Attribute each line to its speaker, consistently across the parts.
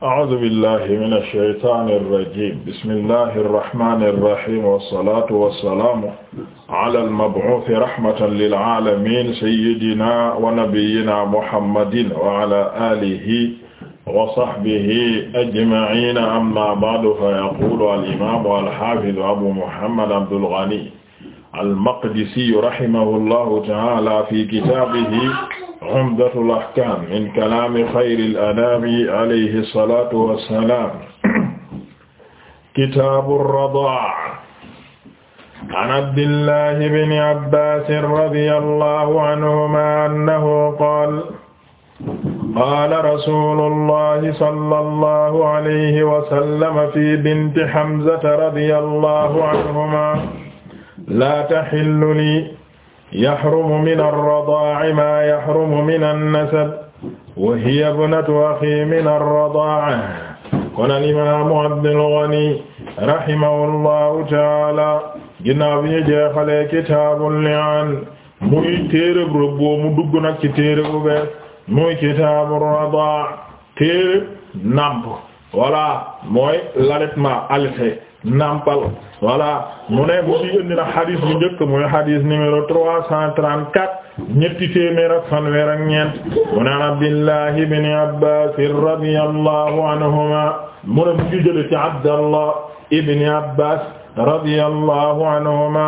Speaker 1: a'uuzu billahi mina shaytaani rajiim bismillahi rahmaani rahiim wasalaatu wasalaamu alal mab'uusi rahmatan lil aalamiin sayyidinaa wa nabiyyinaa muhammadin wa alaa aalihi wa sahbihi ajma'iin ammaa ba'du fa yaquulu al imaamu al haafizu abu muhammad abdul ghani al maqdisi rahimahullaahu ta'aalaa fi kitaabihi Umdatul Ahkaam min kalaami xayril anaami alayhi salaatu wa salaam. kitaabu radaa. an Abdillahi bni Abbaasin radiyallahu anhumaa annahu qaala. qaala rasuulullahi sallallahu alayhi wa sallam fi binti Hamzata radiyallahu anhumaa laa tahillu lii. yaxrumu min ar-radaa'i maa yaxrumu min an-nasab wa hiya ibnatu axi min ar-radaa'a kon al-imaamu Abdul Ghani rahimahullahu taala ginnaaw bi ñu jeexalee kitaabul li'aan muy téereb rëbboo mu dugg nag ci téereb bu bees muy kitaabur radaa téereb nàmp voilà mooy l'allaitement allaité nàmpal voilà mu ne mu ci indi na xadis bu njëkk muy xadis numéro trois cent trente quatre ñetti téeméer ak fanweer ak ñeent mu ne Abdillahi ibn Abbas radiyallahu anhuma mu ne mu ngi jële ci Abdallah ibn Abbas radiyallahu anhuma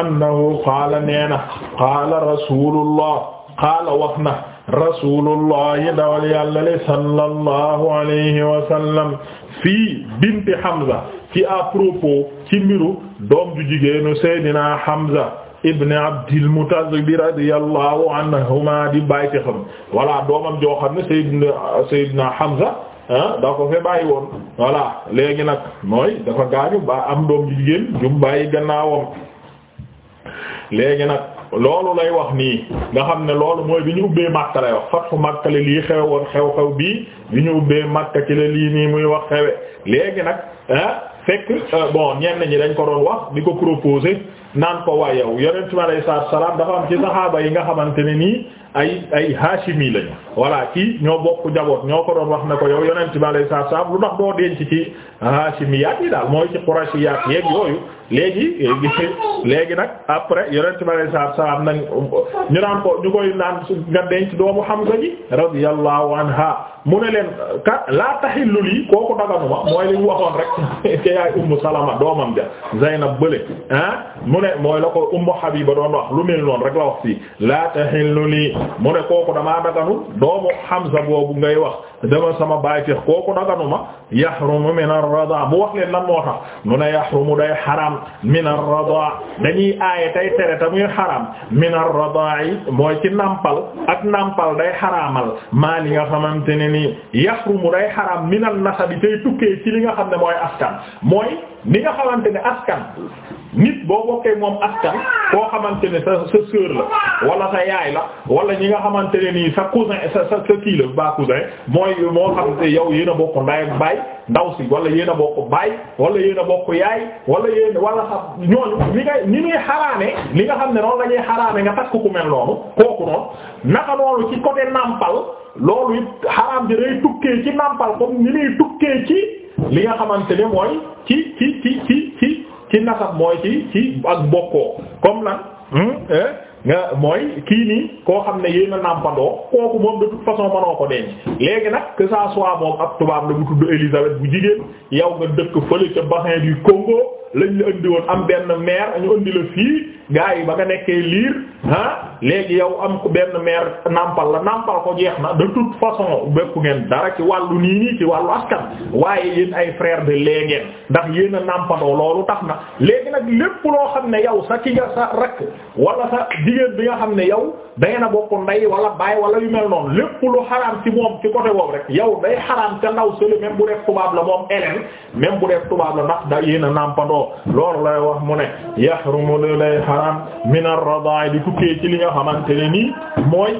Speaker 1: annahu qaala nee na qaala rasulullah qaala wax na rasulullahi dawal yàlla le sallallahu alayhi wa sallam fii binti Hamza ci à propos ci mbiru doom ju jigéenu Seydina Hamza ibn Abdil Muttalib radiyallahu anhuma di bàyyi xam voilà doomam joo xam ne Seydina Seydina Hamza ah daa ko fee bàyyi woon léegi nag mooy dafa gaañu ba am doom ju jigéen ju mu bàyyi gannaawam léegi loolu lay wax nii nga xam ne loolu mooy bi ñu ubbee Makka lay wax fatxu Makka la lii xew woon xew-xew bii bi ñu ubbee Makka ci la lii nii muy wax xewe léegi nag ah fekk euh, bon ñenn ñi dañ ko doon wax di ko proposer naan ko waa yow yonent si alayhi salaatu wa salaam dafa am ci saxaaba yi nga xamante ne nii ay ay haashimi lañu voilà kii ñoo bokk jaboot ñoo ko doon wax ne ko yow yonent bi alayhi salaatu wa salaam lu tax doo denc ci haashimiyaat yi daal mooy ci quraysiyaat léegi léegi nag après yonent bi alayhi salaatu salaam nag ñu naan ko ñu koy naan nga denc doomu Hamza ji radiyallahu anha mu ne leen ka laa tahillu lii kooku daganuma mooy li waxoon rek te yaay ummu salama doomam ja Zaynab bële ah mu ne mooy la ko ummu Habiba doon wax lu mel noonu rek la wax fii laata tahillu lii mu ne kooku damaa daganu doomu Hamza boobu ngay wax dama sama baay fex kooku daganuma yahrumu min ar-radaa bu wax leen lan moo tax nu ne yahrumu day xaram min ar-radaa dañuy aaye tay tere ta muy min ar mooy ci nampal ak nampal day xaraamal maa li nga xamante ni nii yahrumu day xaram min an-nasabi tay tukkee ci li nga xam ne mooy askan mooy ni nga xamante ne askan nit boo bokkee moom askan koo xamante ne sa sa la wala sa yaay la wala ñi nga xamante ne nii sa cousin sa kii la ba cousin mooy moo xam ne yow yéen a bokk ndaay ak baay ndaw si wala yéen a bokk baay wala yéen a bokk yaay wala yéen wala sa ñooñu ni nga ni muy xaraane li nga xam ne noonu la ñuy xaraane nga takk ku mel noonu kooku noonu naka noonu ci côté nàmpal loolu it xaraam bi day tukkee ci nàmpal comme ni muy tukkee ci. li nga xamante ne mooy ci ci ci ci ci ci nasab mooy ci ci ak bokkoo comme lan hmm, eh, nga mooy kii nii koo xam ne yéen a nàmpandoo kooku moom de toute façon manoo ko denc léegi nag que ça soit moom ab tubaab la bu tudd Élisabeth bu jigéen yow nga dëkk fële ca bassin du Congo lañ la indi woon am benn maire añu indi la fii gars yi ba nga nekkee liir ah léegi yow am benn maire nampal la nampal ko jeex na de toute façon bépp ngeen dara ci wàllu nii nii ci wàllu askan waaye yéen ay frère de lait ndax yéen a nampandoo loolu tax na léegi nag lépp loo xam ne yow sa ki nga sa rakk wala sa jigéen bi nga xam ne yow dangeen ngeen a bokk ndey wala baay wala yu mel noonu lépp lu xaraam ci moom ci côté boobu rek yow day xaraam ca ndaw sële bu def la moom Hélène bu def tubaab la ndax yéen a nampandoo anhu loolu lay wax mu ne yahrumu lay haram min ar-radaa'i di tukkee ci li nga xamante ne nii mooy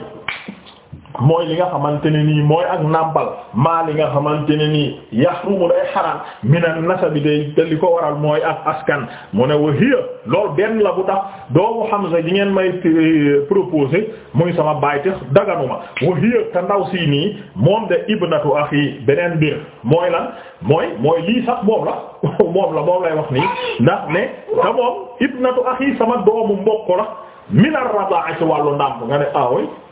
Speaker 1: mooy li nga xamante ne nii mooy ak nàmpal maa li nga xamante ne nii yahrumu day xaram minan nasabi day te li ko waral mooy ak askan mu ne wa hiya loolu benn la bu tax doomu Hamza di ngeen may eh, proposé muy sama baytix daganuma wa te ndaw si nii moom de ibnatu axi beneen biir mooy la mooy mooy lii sax moom la moom la moom lay wax nii ndax ne te moom ibnatu axi sama doomu mbokk la minar radaa ci wàllu ndàmp nga ne awoy ah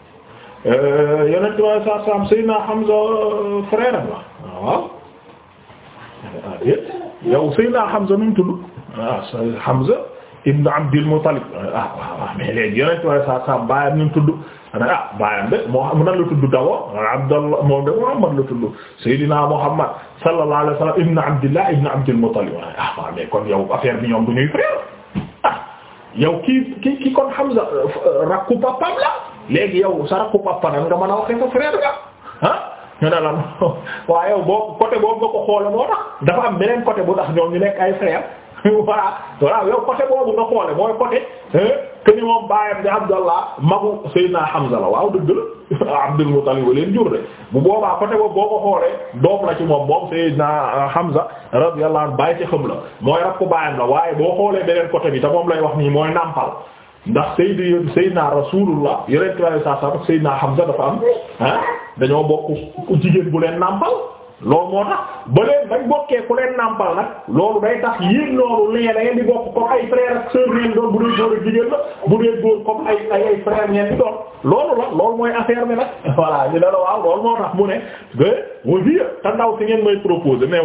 Speaker 1: Euh, yonent waaye saa saam Seydina Hamza euh, frère am la waaw ah, yow Seydina Hamza nu mu tudd ah Hamza ibn Abdul Muttalib ah waaw mais léegi yonent waaye saa saam baayam nu mu tudd ah, ah baayam de moo xam nan la tudd d'abord Abdallah moom de Muhammad la tudd Seydina Muhammad sallallahu alayhi wa sallam ibn Abdillah ibn Abdul Muttalib ah, ah waaw mais kon yow affaire bi ñoom du ñuy frère ah yow kii kii kii kon Hamza euh, rakku papaam la. léegi yow sa rakku papa nga mën a waxee ko frère ga ah ñu ne la waaye yow boo côté boobu nga ko xoole moo tax am beneen côté bu tax ñoom ñu nekk ay frère voilà yow côté boobu nga xoole mooy côté que ni moom baayam di Abdallah magu Seydina Hamza la waaw dëgg la Abdul Muttalib leen jur de boobaa côté boobu boo ko xoolee doom la ci moom moom Seydina euh, Hamza radiyallahu anhu bàyyi ci xam la mooy rakku baayam la waaye boo xoolee beneen côté bi te moom lay wax nii mooy nàmpal ndax Seydou Seydina Rasulullah yore tubaab yi saa saa ak Seydina Hamza dafa am ah dañoo bokk jigéen bu leen nàmpal loolu moo tax ba leen bañ bokkee ku leen nàmpal nag loolu day tax yéen loolu léeg da di bokk comme ay frères ak sœurs leen bu dee góor ak jigéen la bu dee góor comme ay ay ay di doon loolu la loolu mooy affaire bi nag ñu ne la waaw loolu moo tax mu ne que waa bii ngeen may proposer mais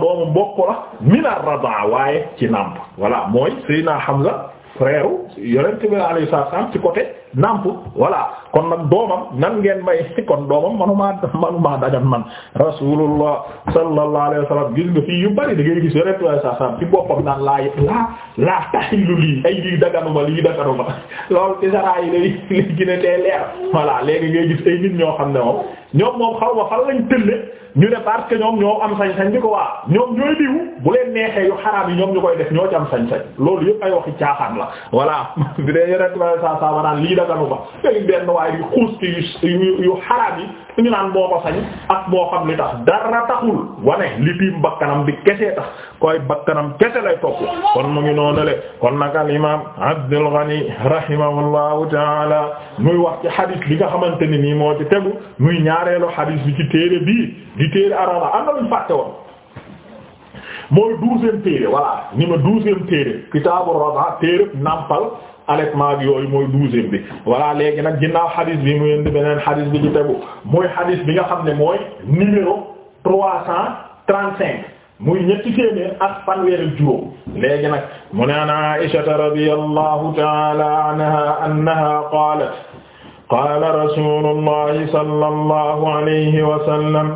Speaker 1: doomu mbokk la minar radaa waaye ci nàmp voilà mooy Seydina Hamza. frère yonent bi alayhi salaam ci côté namp voilà kon nag doomam nan ngeen may kon doomam manuma manuma dagan man rasulullah sallallahu alayhi wa sallam gis nga fii yu bari da ngay gis yonent bi alayhi salaam ci boppam naan laa laa laa tahillu lii ay lii daganuma lii daganuma loolu ci saraa lay li gën a tee leer voilà léegi ngay gis ay nit ñoo xam ne moom ñoom moom xaw ma fan lañ tëlle ñu ne parce que ñoom ñoo am sañ-sañ bi ko waa ñoom ñooy diw bu leen neexee yu xaraam yi ñoom ñu koy def ñoo ci am sañ-sañ loolu yëpp ay waxi caaxaan la voilà bi dee yeneen saa saa sa naan lii daganu ba benn waaye yu xuus yu yu xaraam yi ñu naan moo ko ak moo xam li tax dara taxul wane li tiim bakkanam bi kese tax koy bakkanam kese lay topp kon mu ngi noonale kon nag al imaam Abdul Ghani rahimahullahu taala muy wax ci hadith bi nga xamante ni nii moo ci tegu muy ñaareelu hadith bi ci téere bii di téere araba am na lu fàtte woon mooy douzième téere voilà ni ma douzième téere kitaabu raba téere nampal allaitement ak yooyu mooy douzième bi voilà léegi nag ginnaaw xadis bi mu indi beneen xadis bi ci tegu mooy xadis bi nga xam ne mooy numéro trois cent trente cinq muy ñetti téeméer ak fanweer ak juróom léegi nag mu ne an Aisha radiyallahu ta'ala anha annaha qalat qala rasulullahi sallallahu alayhi wa sallam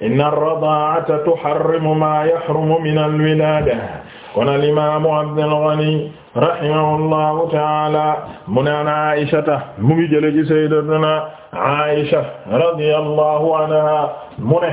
Speaker 1: inna ar-rada'ata tuharrimu ma yahrumu min al-wilada kon al imaamu Abdul Ghani rahimahullahu taala mu ne an Aysata mu ngi jële ci sayyidatuna Aysa radiyallahu anha mu ne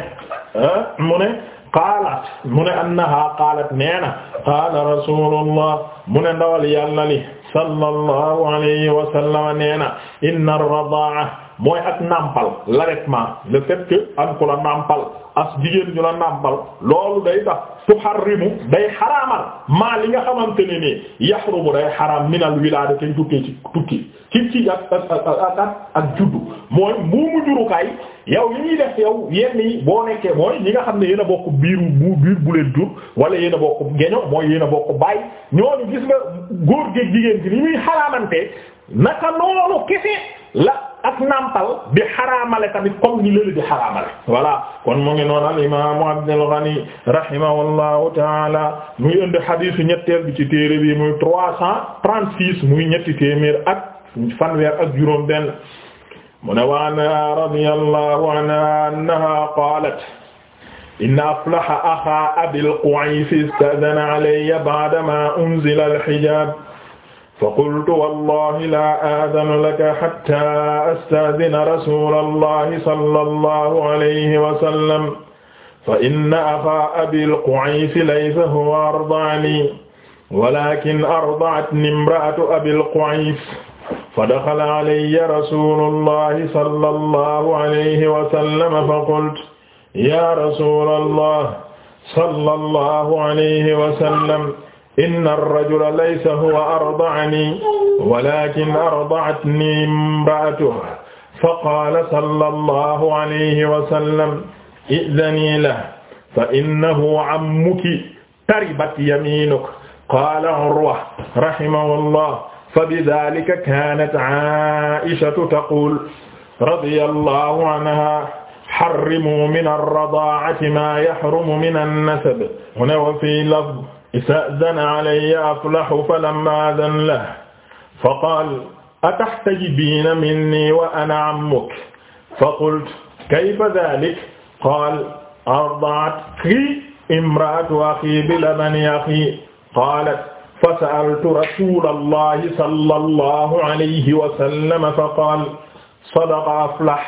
Speaker 1: ah, mu ne qaalat mu ne annaha qaalat neena qaala rasulullah mu ne ndawal yàlla li sallallahu alayhi wa sallam neena inna ar-radaa'a mooy ak nàmpal l'allaitement le fait que am ko la nàmpal as jigéen ñu la nàmpal loolu day tax tuharrimu day xaraamal maa li nga xamante ne nii yahrumu day xaraam minal wilaada tey tukkee ci tukki ci ci ak ak ak ak juddu mooy muumu jurukaay yow li ñuy def yow yenn yi boo nekkee mooy ñi nga xam ne yéen a bokk biiru bu biir bu leen jur wala yéen bokk geño mooy yéen a bokk baay ñooñu gis nga góor géeg jigéen gi ni ñuy xaraamante naka loolu kese la ak nàmpal di a tamit comme ni lële di xaraamale voilà kon mu ngi noon al imaamu Abdul Ghani rahimahullahu taala muy indi xadiisu ñetteel bi ci téere bi muy trois cent trente-six muy ñetti téeméer ak fanweer ak juróom benn mu ne wa anha anha annaha qaalat inna aflaha axaa abil Qu'ays ista'dhana alayya ba'dama unzila al-hijaab fa qultu wallahi la aadanu laka hatta astaadina rasula allahi sallallahu alayhi wa sallam fa inna axaa abil Qucays laysa huwa ardaani walakin ardaatni imra'atu abil Qucays fa daxala alayya rasuulullahi sallallahu alayhi wa sallam fa qultu ya rasuulallahi sallallahu alayhi wa sallam inna ar-rajula laysa huwa arda'ani walakin arda'atni imra'atuhu faqaala sallallahu alayhi wa sallam i'dhani lahu fa innahu ammuki taribat yamiinuki qaala Urwa rahimahullah fabidhaalika kaanat Aa'ishatu taquulu radiyallahu anhaa harrimuu mina ar-radaa'ati maa yahrumu mina an-nasab wa fii lafdhin ista'dana alayya aflahu falamma adana lahu faqaala ataxtajibiina minni wa ana ammuk faqultu kayfa dhaalika qaala arda'atki imra'atu axii bilabani axii qaalat fasa'altu rasuulallaahi sallallaahu alayhi wa sallam faqaala sadaqa aflah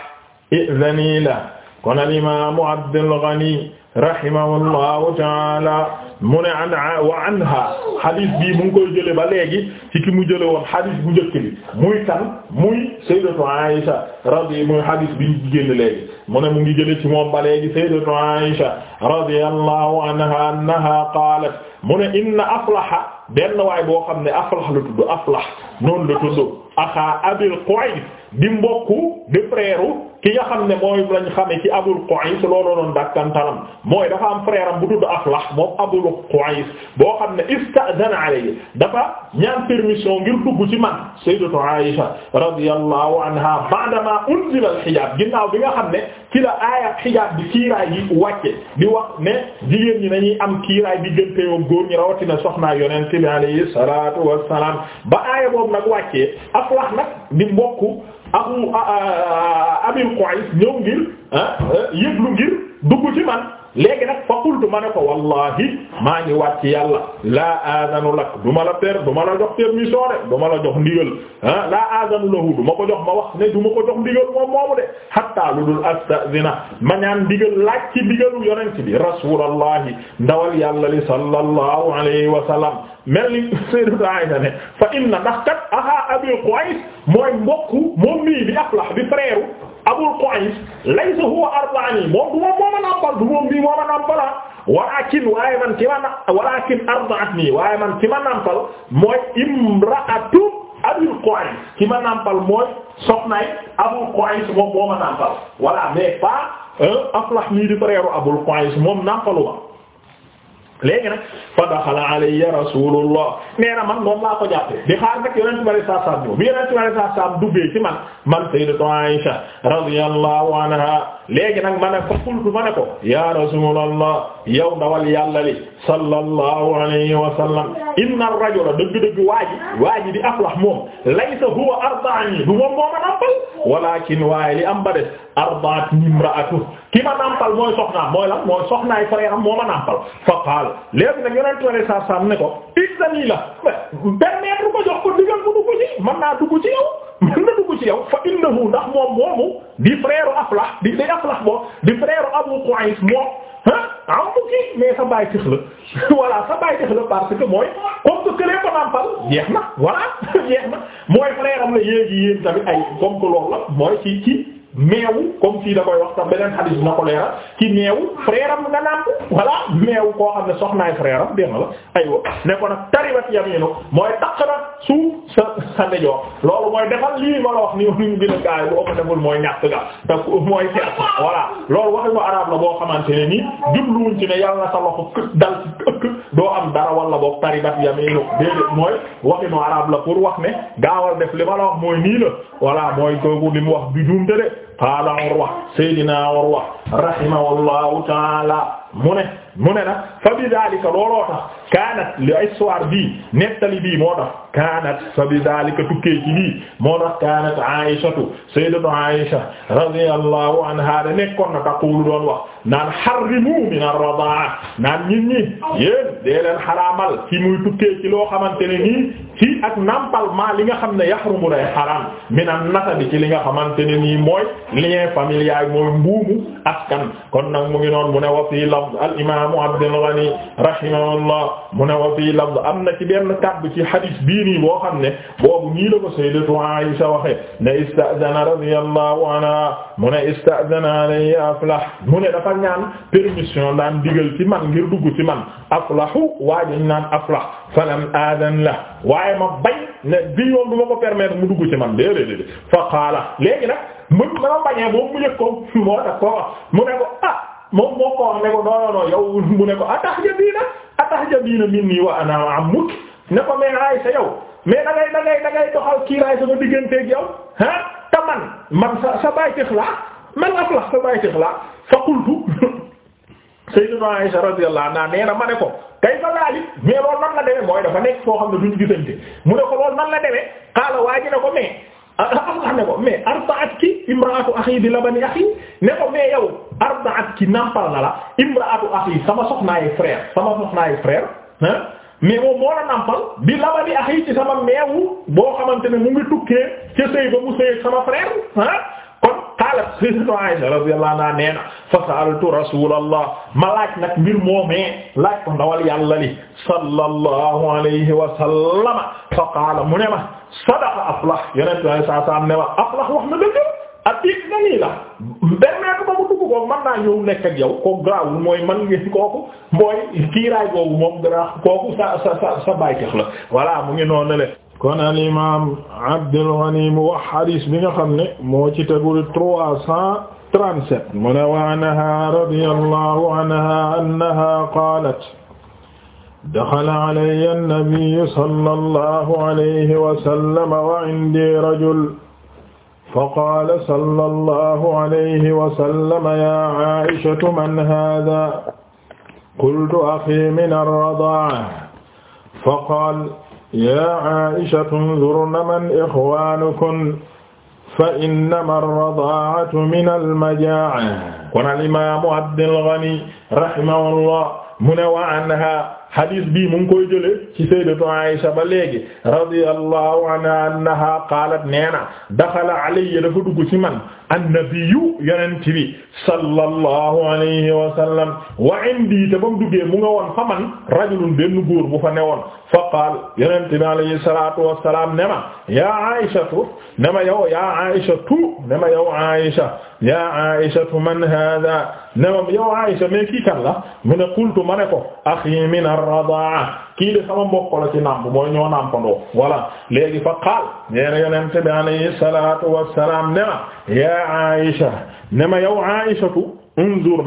Speaker 1: i'dhanii lahu kon al imaamu Abdul Ghani rahimahullaahu ta'aalaa mu ne an wa anha hadith bi mu ngi koy jële ba léegi ci ki mu jële woon hadith bu njëkk bi muy kan muy sayyidatu Aisha radi muy hadith bi ñu génn léegi mu ne mu ngi jële ci moom ba léegi sayyidatu Aisha radiyallahu anha annaha qaalat mu ne inna aflaha benn waay boo xam ne aflah la tudd aflah noonu la tudd axaa abil Qu'ays di mbokku di frère ki nga xam ne mooy lañ xamee ci Abul Qu'ays looloo doon dakkantalam mooy dafa am frère am bu tudd Aflah moom Abul Qu'ays boo xam ne ista'dana alayhi dafa ñaan permission ngir dugg ci man sayyidatu Aïsha radiyallahu anha ba'da ma unzila al-hijab ginnaaw bi nga xam ne ci la aaya hijab bi kiiraay yi wàcce di wax ne jigéen ñi nañuy am kiiraay bi gënte yoom góor ñi rawatina soxnaa yonent bi alayhi salatu wassalam ba aaya boobu nag wàccee Aflah nag di mbokku abu abil Qays ñëw ngir ah man léegi nag fa qultu ma ne ko wallahi maa ngi waat ci yàlla laa aadanu lak du ma la per du ma la jox permission de du ma la jox ndigal ah laa aadanu lahu du ma ko jox ma wax ne du ma ko jox ndigal moom moomu de hatta lu dul ma ñaan ndigal laaj ci ndigalu yonent bi rasulallahi ndawal yàlla li sallallahu alayhi wa sallam mel ni Sayyidatu Aisha ne fa inna ndax kat aha Abi Qays mooy mbokku moom mii bi Aflah bi frère Abul Qays laysa huwa arba'ani moom du moom moo ma nàmpal du moom mii moo ma nàmpal ah. walaakin waaye man ki ma na walaakin arda'atni waaye man ki ma nàmpal mooy imra'atu Abul Qays ki ma nàmpal mooy soxnaay Abul Qays moom moo ma nàmpal voilà mais pas Aflah mii di frère Abul Qays moom nàmpaluma léegi nag fa daxala alayya rasulullah nee na man moom laa ko jàppee di xaar nag yonent bi alayhi salaam ñëw bi yonent bi alayhi salaam duggee ci man man sayyidatu Aisha radiyallahu anha léegi nag ma ne ko qultu ma ne ko ya rasulullah yow ndawal yàlla li sallallahu alayhi wa sallam inna ar-rajula dëgg-dëgg waaji di aflah moom laysa huwa arda'ani du moom moo ma nàmpal walakin waaye li am ba des ki ma nàmpal mooy soxnaa mooy lan am moo ma nàmpal fa qaala léegi nag yonent ware sa sam ko isani la permettre ko jox ko digal ko dugg ci mën naa dugg ci yow mën na dugg ci yow fa innahu ndax moom moomu di frère aflah di di abu qais moom ah mu kii mais sa baay tëx la voilà sa baay tëx la parce que mooy comme que këlee ko nàmpal jeex na voilà jeex na mooy frère am la yéegi yéen tamit ay comme que la mooy ci ci meew comme fii da koy wax sax beneen xadis na ko leeral ci meew frère am nga naan voilà meew koo xam ne soxnaay frère am dégg la aywa ne ko nag taribat yaminu mooy takk na suuf sa sa ndejoor loolu mooy defal lii ma la wax ni ñu gën a mooy ñàkk nga te mooy seet voilà loolu waxi mu la boo xamante ne nii jubluwuñ ci ne yàlla na sa loxo dal doo am dara wala boog taribat yaminu déedéet mooy waxi mu arab la pour wax ne gaawal def li ma la wax mooy nii la mooy kooku li mu wax du juumte de qaala Urwa Seydina Urwa rahimahullahu taala mu ne mu ne nag fa bi daalika looloo tax kaanat li histoire bii nettali bii moo tax kaanat fa bi daalika tukkee ci lii moo tax kaanat Aysatu sayyidatu Aysa radiyallahu anha da nekkoon na taqulu doon wax naan harrimu min ar-radaa naan nit ñi yéen dee leen xaraamal muy tukkee loo xamante ne nii ak nampal ma li nga xam ne yahrumu day xaraam min an-nasabi ci li nga xamante ne nii mooy li familial mooy mbuumu askan kon nag mu ngi noon mu ne wa al-imaamu Abdul Ghani rahimahullah mu wa fii lafz am na ci benn kàddu ci hadith bi nii boo xam ne boobu nii la ko sayyidatu Aisha waxe ne ista'dana radiyallahu anha mu ne ista'dana alayhi aflah mu ne dafa ñaan permission daan digal ci man ngir dugg ci man aflahu waajañ naan aflah falam aadan la waaye ma bañ ne bi yoon ma ko permettre mu dugg ci man déedéet déedéet fa qaala léegi nag mu yëg ko moo tax mu ne ko ah moom moo ko wax ne ko non minni wa ana ammuk ne ko mais Aysa yow mais da ngay da ngay da ngay doxal kiiraay sama digganteeg yow ah te man man sa sa baay tëx laa man aflax sa baay tëx laa fa qultu sayyiduna Aysa radiyallahu anha nee na ma ne ko fa zaalik mais loolu nan la demee mooy dafa nekk foo xam ne duñu gisante mu ne ko loolu man la demee xaala waa ji ne ko mais aflax ah, ah, ah, ne ko mais arbaat ki imraatu axi di labani axi ne ko mais yow arbaat ki nampal na la imraatu axi sama soxnaayu frère sama soxnaayu frère ah mais moom moo la nàmpal bi laba di axi ci sama meewu boo xamante ne mu ngi tukkee ca sëy ba mu sëy sama frère ah kon xaalat sayyidatu Aisha radiyallahu anha nee na fa sa'altu rasulallah ma laaj nag mbir moomee laaj ko ndawal yàlla li sallallahu alayhi wa sallama fa qaala mu ne ma sadaqa aflah yeneen saa saa ne ma aflah wax na dëgg ak it na nii la kooku man naa ñëw nekk ak yow kooku garaawul mooy man ngeen kooku mooy kiiraay boobu moom garaaw kooku sa sa sa sa baytex la voilà mu ngi noonu le kon al imam Abdul Ghani mu wax hadis bi nga xam ne moo ci tegul trois cent trente-sept mu ne wa anha radiyallahu anha annaha qalat daxala alayya an-nabiy sallallahu alayhi wa sallam wa indi rajul faqaala sallallahu alayhi wa sallam yaa Aa'ishatu man haadhaa qultu axii min ar-radaa'a faqaala yaa Aa'ishatu unzurna man ixwaanukunna fa innamaa ar-radaa'atu mina al-majaa'a. Kon al-imaamu Abdul Ghani rahimahullah mu ne wa anhaa hadis bi mu ngi koy jële ci sayyidatu Aisha ba léegi radiyallahu anha annaha qaalat neena daxala alayya dafa dugg ci man annabiyyu yonent bi sallallahu alayhi wa sallam wa indi te ba mu duggee mu nga woon fa man rajulun benn góor bu fa newoon fa qaal yonent bi alayhi salatu wassalam ne ma ya Aishatu ne ma yow ya Aishatu ne ma yow Aisha ya Aishatu man hada ne ma yow Aisha mais kii kan la mu ne qultu ma ne ko akhi mina ar-radaa kii de sama mbokk la ci nàmp mooy ñoo nàmpandoo voilà léegi fa qaal nee na yonent bi alayhi salaatu wassalaam ne ma yaa Aisha ne ma yow Aishatu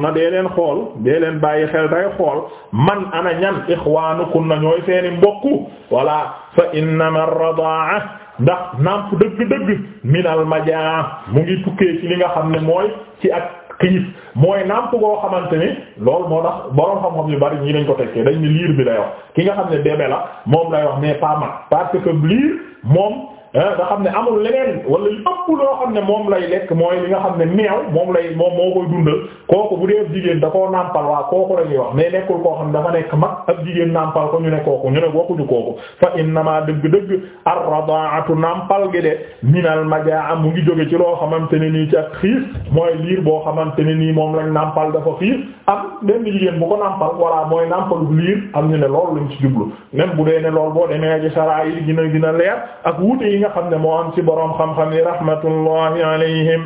Speaker 1: na dee leen xool dee leen bàyyi xel day xool man ana ñan ixwaanukum na ñooy seeni mbokk voilà fa innama ar-radaa ndax nàmp dëgg-dëgg minal majaa mu ngi tukkee ci li nga xam ne mooy ci ak xiif mooy nàmp goo xamante ni loolu moo tax borom xam-xam yu bari ñii dañ ko tekkee dañ ni liir bi lay wax ki nga xam ne deme la moom lay wax mais pas man parce liir moom nga xam ne amul leneen wala yu ëpp loo xam ne moom lay lekk mooy li nga xam ne meew moom lay moom moo koy dundal kooku bu dee jigéen da koo nàmpal waa kooku la ñuy wax mais nekkul koo xam ne dafa nekk mag ak jigéen nàmpal ko ñu ne kooku ñu ne waxuñu kooku fa innama dëgg-dëgg ar-radaa'atu nàmpal gi de minal majaa mu ngi jóge ci loo xamante ne nii ci ak xiis mooy liir boo xamante ne nii moom lañ nàmpal dafa xiis am benn jigéen bu ko nàmpal walla mooy nàmpalu liir am ñu ne loolu lañ ci jublu même bu dee ne loolu boo demee ci sara yi dina dina leer ak wuute nga xam ne moo am ci boroom xam-xam yi rahmatullahi alayhim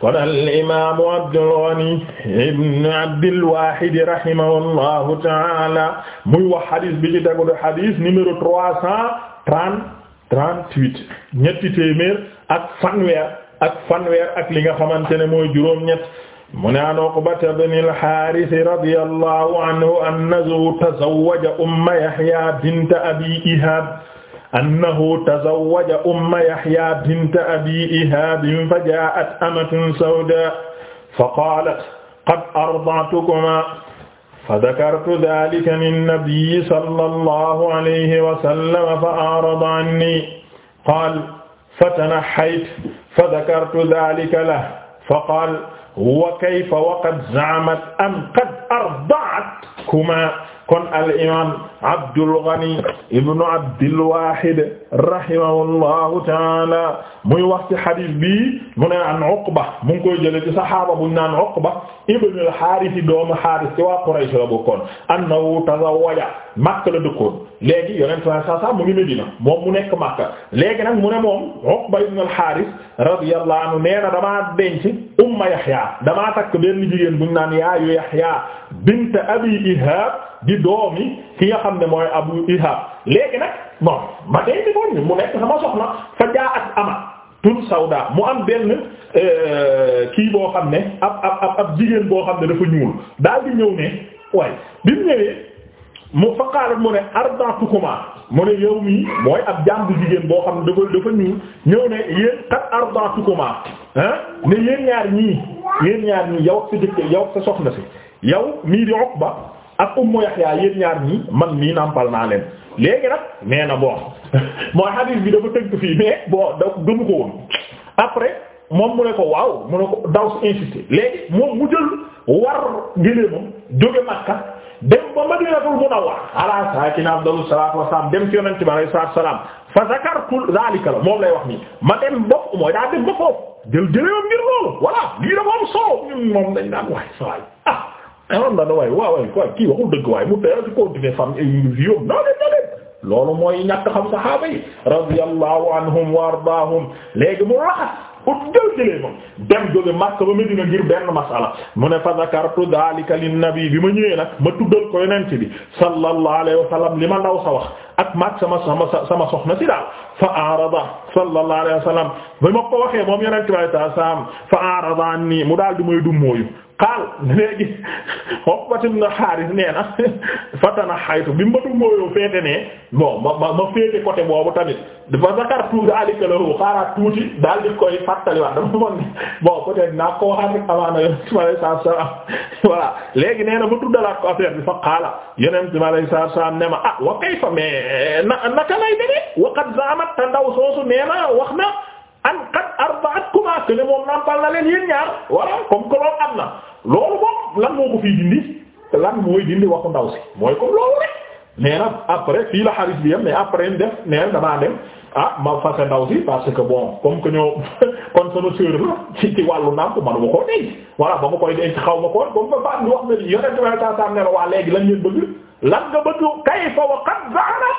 Speaker 1: kon al imaamu Abdul Ghani ibn Abdil Waahid rahimahullahu ta'ala muy wax xadis bi ci tegu de xadis numéro trois cent trente trente huit ñetti téeméer ak fanweer ak fanweer ak li nga xamante ne mooy juróom-ñett mu ne an Uqbata ibn al-Haaris radiyallahu anhu annahu tazawwaja Umma Yahya bint Abi Ihab annahu tazawwaja umma yahya bint abi ihab fa jaa'at amatun sawda fa qaalat qad arda'tukuma fa dhakartu dhalika lin-nabiyyi sallallahu alayhi wa sallam fa a'rada anni qaala fatanahhaytu fa dhakartu dhalika lahu fa qaala wa kayfa wa qad za'amat an qad arda'atkuma kon al-imam Abdul Ghani ibnu Abdil Wahid rahimahullahu taala muy wax ci xadis bi mu ne an Uqba mu ngi koy jëlee ci saxaaba bu ñu naan Uqba ibnul Haaris doomu Haaris ci waa Quraysh la bokkoon annahu tazawwaja Makka la dëkkoon léegi yonent saa saa mu ngi Medina moom mu nekk Makka léegi nag mu ne moom Uqba ibnul Haaris radiyallahu anhu nee na damaa denc umma Yahya damaa takk benn jigéen bu ñu naan yaayu Yahya bint Abi Ihab di doomi ki nga xam xam ne mooy abu ihab léegi nag bon ma dee di doon mu nekk sama soxna fa jaa ak ama tun sawda mu am benn euh, kii boo xam ne ab ab ab jigéen boo xam ne dafa ñuul daal di ñëw ne waaye bi mu ñëwee mu fa qaalat mu ne ardantukuma mu ne yow mii mooy ab jaam bu jigéen boo xam ne dafa dafa ñuul ñëw ne yéen kat ardantukuma ah ne yéen ñaar ñii yéen ñaar ñii yow sa jëkkër yow sa soxna si yow mii di Uqba ak ummu Yahya yéen ñaar ñii man mii nàmpal naa leen léegi nag nee na bon mooy hadith bi dafa tëgg fii mais boo da gëmu ko woon après moom mu ne ko waaw mu ne ko daw si insisté léegi moom mu jël war géléemam jóge Makka dem ba Madinatul Munawwar ala saakina afdalu salaatu wassalaam dem ci yonent bi alayhi salaatu wassalaam fa zakartu zaalika la moom lay wax nii ma dem bopp mooy daa dem ba foofu jël géléemam ngir loolu voilà lii dafa moom dañ amoon na ne waaye waaw waaye quoi kii waxul dëgg mu teel ci continuer femme viom naa leen naa leen loolu mooy ñàkk xam saxaaba yi radiyallahu anhum wa ardaahum léegi mu raxas ut jël jëlee ma dem jóge Makka ba Medina ngir benn masala mu ne fa zakartu daalika linnabi bi ma ñëwee nag ma tuddal ko yonent bi sallallahu alayhi wa li ma ndaw wax ak maag sama sama sama soxna si daal fa arada sallallahu alayhi wa sallam ma ko moom yonent bi sallallahu fa arada mu daal di may xaal léegi Uqbat ibn Haaris nee na fatana xaytu bi mbatu mooyoo féete nee bon ma ma ma féete côté boobu tamit dafa zakar tuuti daalika lahu xaaraat a daal di koy fàttaliwaat dama mën bon peut-être ko waxaat rek amaana yonent ma lay saa salaam voilà léegi nee na ma tuddalaat ko affaire bi fa xaala yonent ma a saa salaam ne ma ah wa kayfa mais na naka lay demee wa qad zaamat te ndaw soosu nee na wax na. ah que ne moom na leen yéen ñaar voilà comme que loolu am na loolu moom lan moo ko fii dindi lan mooy dindi waxu ndaw si mooy comme loolu rek nee na après fii la xaris bi yam mais après ñu def nee damaa dem ah ma fase ndaw si parce que bon comme que ñoo kon sama sœur la ci ci wàllu nàmp man ma koo denc voilà ba ma koy denc xaw ma ko comme que Fane wax na ni yonent bi sallallahu alayhi wasallam ne waa léegi lan ngeen bëgg lan nga bëgg kayfa wa qad za'ana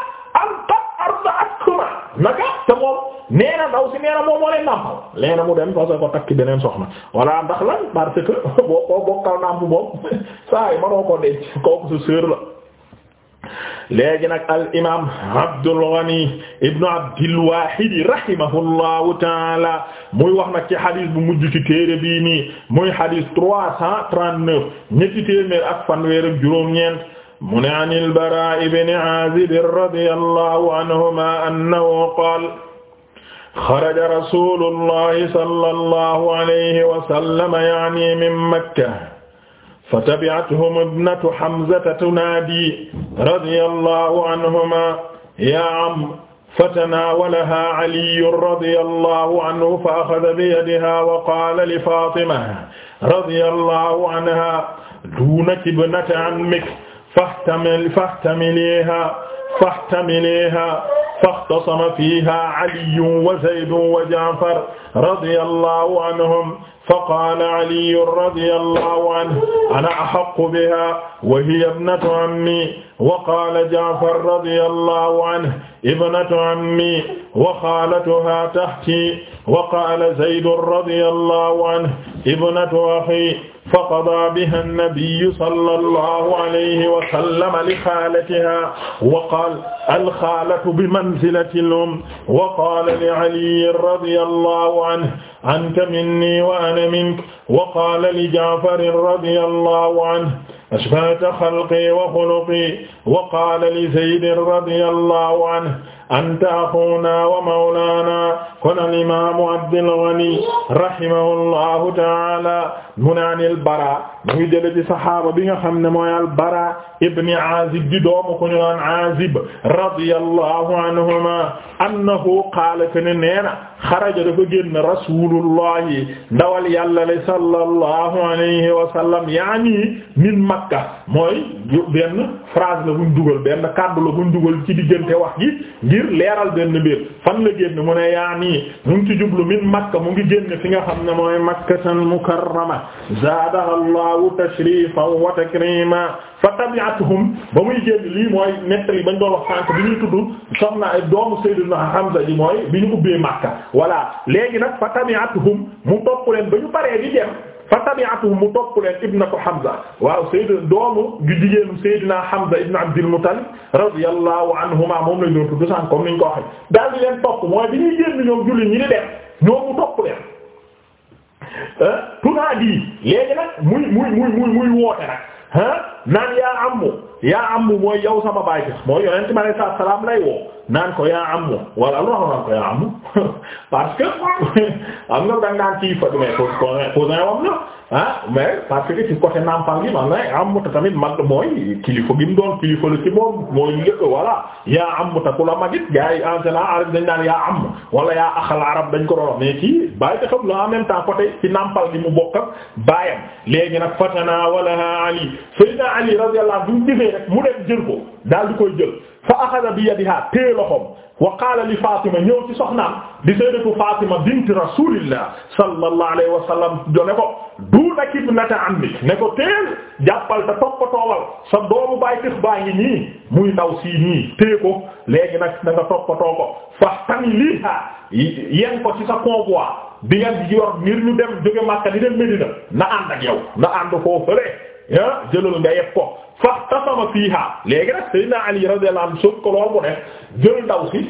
Speaker 1: arda'atkuma naka te moom nee na ndaw si nee na moom moo leen nàmpal nee na mu dem parce que ko takki beneen soxna voilà ndax lan parce que boo ko bokkal nàmp moom saa yi manoo ko denc kooku sa la léegi nag al imaam Abdul Ghani ibnu Abdil Wahid rahimahullahu taala muy wax nag ci xadis bu mujj ci téere bii nii muy xadis trois cent trente neuf ñetti téeméer ak fanweer ak juróom-ñeent mu ne an al-Baraa ibn Aazib radiyallahu anhumaa annahu qaala xaraja rasuulullahi sallallahu alayhi wa sallam ya'nii min Makka fatabi'athum ibnatu Hamzata tunaadii radiyallahu anhumaa yaa am fatanaawalahaa Aliyu radiyallahu anhu fa-axaza biyadihaa wa qaala li Faatima radiyallahu anhaa duunaki ibnata ammiki fahtamil fahtamiliha fahtamiliha fahtasama fiha Aliyu wa Zaydun wa Jaafar radiyallahu anhum faqaala Aliyu radiyallahu anhu ana ahaqqu biha wa hiya ibnatu ammi wa qaala Jaafar radiyallahu anhu ibnatu ammi wa xaalatuha tahtii wa qaala Zaydun radiyallahu anhu ibnatu axii فقضى بها النبي صلى الله عليه وسلم لخالتها وقال الخالة بمنزلة الأم وقال لعلي رضي الله عنه أنت مني وأنا منك وقال لجعفر رضي الله عنه أشبهت خلقي وخلقي wa qaala li zaydin radiyallahu anhu anta axuuna wa mawlaana kon alimaamu Abdul Ghani rahimahullahu taala mu naan al-Bara mu ngi jële ci saxaaba bi nga xam ne mooy al-Bara ibn Aazib di doomu ko ñu naan Aazib radiyallahu anhuma annahu qaala kaana neena xaraja dafa génn rasuulullahi ndawal yàlla li sallallahu alayhi wa sallam yaani min Makka mooy benn phrase la buñ dugal benn kàddu la buñ dugal ci diggante wax gi ngir leeral benn mbir fan la génn mu ne yaa nii mu ngi ci jublu min makka mu ngi génn fi nga xam ne mooy makkatal mukarrama zaadaha allahu tashrifan wa takrima fa tabi'atuhum ba muy génn lii mooy nettali bañ doon wax sànk bi ñuy tudd soxna doomu sayyidina Hamza ji mooy bi ñu ubbee makka voilà léegi nag fa tabi'atuhum mu topp leen ba ñu paree di dem fa tabi'atu mu topp leen ibnatu Hamza waaw Seydou doomu ju jigéenu Seydina Hamza ibn Abdul Muttalib radiyallahu anhuma moom lañ doon tudd sànq comme niñ ko waxee daal di leen topp mooy bi ñuy génn ñoom julli ñi di dem ñoom mu topp leen. ah tunaadi léegi nag muy muy muy muy muy woote nag ah. naan yaa ammu yaa ammu mooy yow sama baay sax mooy yonent bi alayhi salaam lay woo naan ko yaa ammu wala lu wax ko yaa ammu parce que am nga dang naan ci fa du may cousin wam la ah mais parce que ci côté nampal gi man na ammu ta tamit mag mooy kilifa gi mu doon kilifa la ci moom mooy njëkk voilà yaa ammu ta ku la magit gars yi en général arab dañ naan yaa ammu wala yaa axal arab dañ ko doon mais kii baay ta xam la en même temps gi mu bokk ak baayam léegi Ali radiyallahu anhu bi mu defee rek mu dem jël ko daal di koy jël fa axada bi yadiha téye loxoom wa qaala li Fatima ñëw ci soxnaam di sayyidatu Fatima bint rasulillah sallallahu alayhi wa sallam jone ko duuna ibnata ammi ne ko teel jàppal te toppatoowal sa doomu baay tëx baa ngi nii muy ndaw sii nii téye ko léegi nag da nga toppatoo ko faxtamiliha yeen ko ci sa convoi bi nga yor ngir ñu dem jóge Makka di dem Medina na ànd ak yow na ànd foo fële ah jëlal nga yegg ko faxtasama fiiha léegi nag Seydina Ali radiyallahu anhu soog ko lool mu def jël ndaw si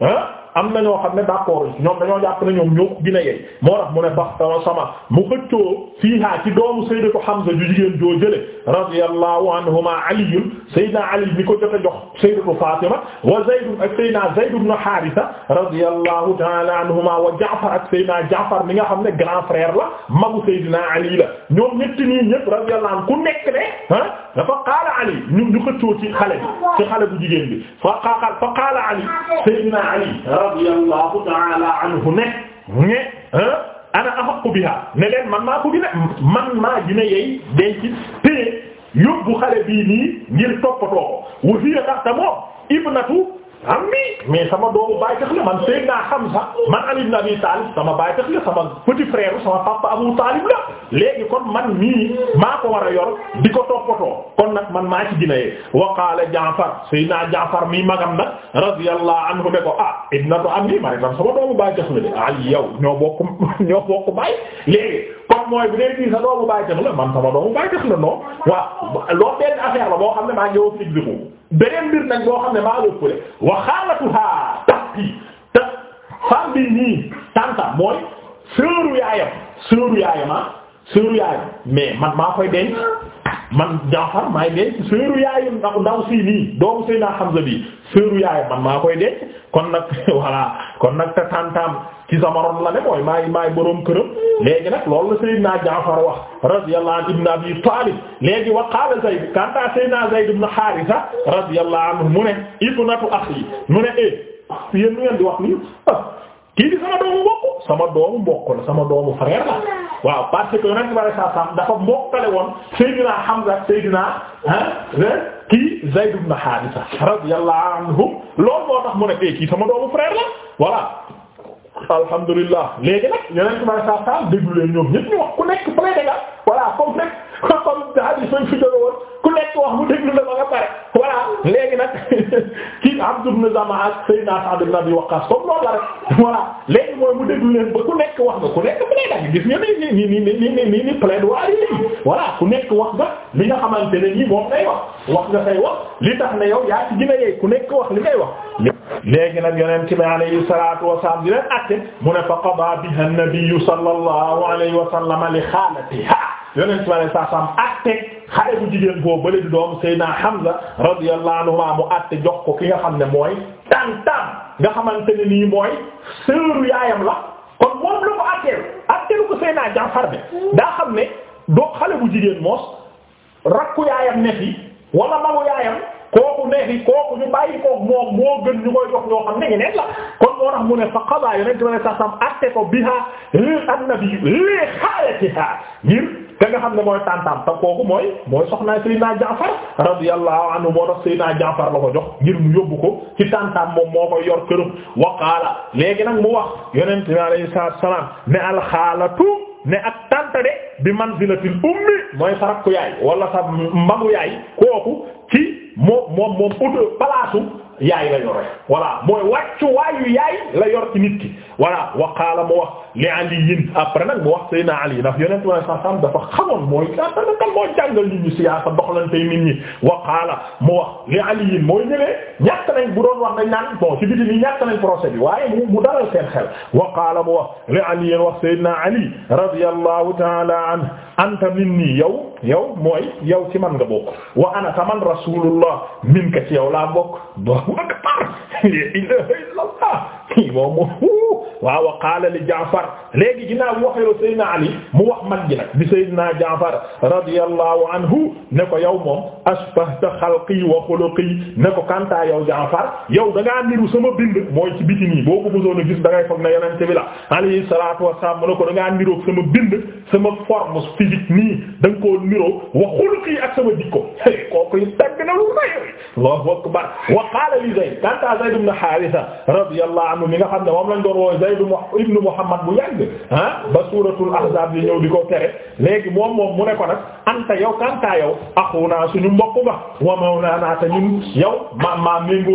Speaker 1: ah. am na ñoo xam ne d'accord ñoom dañoo jàpp ne ñoom ñoo ko gën a yey moo tax mu ne baxtara sama mu xëccoo fiihaa ci doomu sayyidatu Hamza ju jigéen joo jële radiyallahu anhuma aliyun sayyidina ali mi ko jot a jox sayyidatu Fatima wa zaydun ak sayyidina zayd ibn haarisa radiyallahu ta'ala anhuma wa jaafar ak sayyidina jaafar mi nga xam ne grand frère la magu sayyidina ali la ñoom ñetti nii ñépp radiyallahu anhu ku nekk ne ah dafa qaala ali ñun ñu xëccoo ci xale bi ci xale bu jigéen bi fa qaala ali sayyidina ali radiyallahu ta'ala anhu ne ne ana ahaqqu biha ne leen man maa ko gën a man maa gën a yey denc téye yóbbu xale bii nii ngir toppatoo ko wu fiye ndax te moom ibnatu am mi mais sama doomu baay tax la man Seydina Hamza man Ali ibn Abi Talib sama baay tax la sama petit frère sama papa Abu Talib la léegi kon man mii maa ko war a yor di ko toppatoo kon nag man maa ki gina yee wa qaala Jaafar Seydina Jaafar mii magam nag radiyallahu anhu ne ko ah ibnatu am mi ma sama doomu baay tax la de Ali yow ñoo bokk baay léegi comme mooy bu dee kii doomu baay tax la man sama doomu baay tax la non waaw loolu benn affaire la boo xam ne maa ngi woo fii ko nag boo xam ne maa ngi fële wa xaalatuha tahti te femme bi nii tanta mooy sœuru yaayam sœuru yaayam ah sœuru yaayam mais man maa koy denc man Jaafar maay denc sœuru yaayam ndax ndaw nii doomu Seydina Hamza bi sœuru yaayam man maa koy denc kon nag voilà kon nag te tantam ci sama ron la ne mooy maay maay boroom këram léegi nag la Seydina Jaafar wax radiyallahu anhu ibn Abi eh, wax nii ah, kii di sama doomu mbokk sama doomu mbokk la sama doomu frère la waaw parce que Yonent bi sallallahu dafa mbokkale woon Seydina Hamza ak Seydina kii Zayd ibn Haarisa radiyallahu eh, la voilà alhamdulillah léegi nag yeneen ci may saa saa déglu leen ñoom ñëpp ñu wax ku nekk plaidé nga voilà comme nag comme hadith bi fi jóge woon ku nekk wax mu déglu la ba nga pare voilà léegi nag kii Abd ibn Zama ak Sayyidina Sa'd ibn Abi Waqqas comme loolu la rek voilà léegi mooy mu déglu leen ba ku nekk wax nga ku nekk mu ne nag gis nga ni ni ni ni ni ni ni plaidoirie yi voilà ku nekk wax nga li nga xamante ne nii moom day wax wax nga say wax li tax ne yow yaa ci gën a yeey ku nekk wax li ngay wax. léegi nag yonent bi alayhi salaatu wa salaam di leen àtte mu ne fa qadaa biha an-nabiyyu sallallahu alayhi wa sallam li xaalatiha yonent bi alayhi salaam àtte xale bu jigéen boobu bële di doom Seydina Hamza radiyallahu anhu mu àtte jox ko ki nga xam ne mooy tantam nga xamante ne nii mooy sœuru yaayam la kon moom la ko àtteel àtteelu ko Seydina Jaafar bi daa xam ne doo xale bu jigéen moos rakku yaayam ne fi wala magu yaayam kooku ne fi kooku ñu bàyyi koog moo gën ñu koy jox ñoo xam ne ñu neen la. moo tax mu ne fa xabaar yi rek dina ne sax tam àtte xam ne mooy tàntaam te kooku mooy mooy soxnaay Seydina Jaafar radiyallahu anhu moo tax Seydina Jaafar ko jox ko ci tàntaam moom moo koy yor këram mu wax yonent bi alayhi salaam ne alxaalatu ne ak tànta de bi manzilatil ummi mooy sa rakku yaay wala sa magu yaay kooku ci moom moom moom palaasu. yaay la yore voilà mooy wàccu waayu yaay la yor ci nit ki voilà wa qaala mu wax li aliyin après nag mu wax sayna ali ndax yonent bi saa saam dafa xamoon mooy daanaka kan moo jàngal nit ñi siyaasa doxalantey nit ñi wa qaala mu wax li aliyin mooy ñëwee ñàkk nañ bu doon wax dañ naan bon ci biti ni ñàkk nañ procès bi waaye mu mu dalal seen xel wa qaala mu wax li aliyin wax sayna ali radiyallahu ta'ala anhu anta minni yow yow mooy yow ci man nga bokk wa ana taman rasulullah min ka ci yow laa bokk ba akbar la ilaha illallah waaw wa qaala li Jaafar léegi ginnaaw bi waxee la Seydina Ali mu wax mag ji nag di Seydina Jaafar radiyallahu anhu ne ko yow moom asbahta xalqi wa xuluqi ne ko kanta yow Jaafar yow da ngaa niru sama bind mooy ci biti nii boo ko bëggoon a gis da ngay foog ne yonente bi la alayhi salaatu wasalaam mu ne ko da ngaa niroog sama bind sama forme physique nii da nga koo niroog wa xuluqi ak sama jikko kooku yi tagg na lu rëy Allahu akbar wa qaala li Zayd kanta Zayd ibn Haarisa radiyallahu anhu mi nga xam ne moom lañ doon wooy Zayd ibn Muhammad bu yàgg ah ba suuratul ahzaab yi ñëw di ko tere léegi moom moom mu ne ko nag anta yow kanta yow axuna suñu mbokk ba wa mawlana ta ñun yow ma ma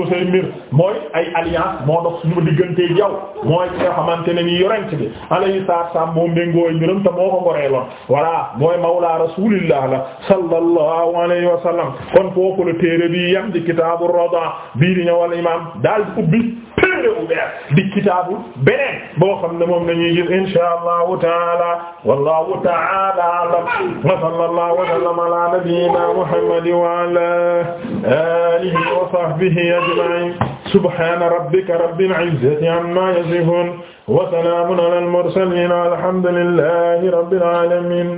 Speaker 1: say mbir mooy ay alliance moo dox suñu digganteeg yow mooy nga xamante ne nii yorent bi alayhi salaam moo méngoo ay mbiram te moo ko ngoreeloon voilà mooy mawla rasulillah la sallallahu alayhi wa sallam kon foofu la téere bi yam di kitaabu rada bii di ñëwal imam téere bu beer di kitaabu beneen boo xam ne moom lañuy gis inshaa Allahu taala wallahu taala a'lam wa sallallahu wa sallama ala nabiyyina Muhammadin wa ala alihi wa sahbihi ajma'in subhana rabbika rabbil izzati amma yasifun wa salamun ala al mursalin alhamdulillahi rabbil alamin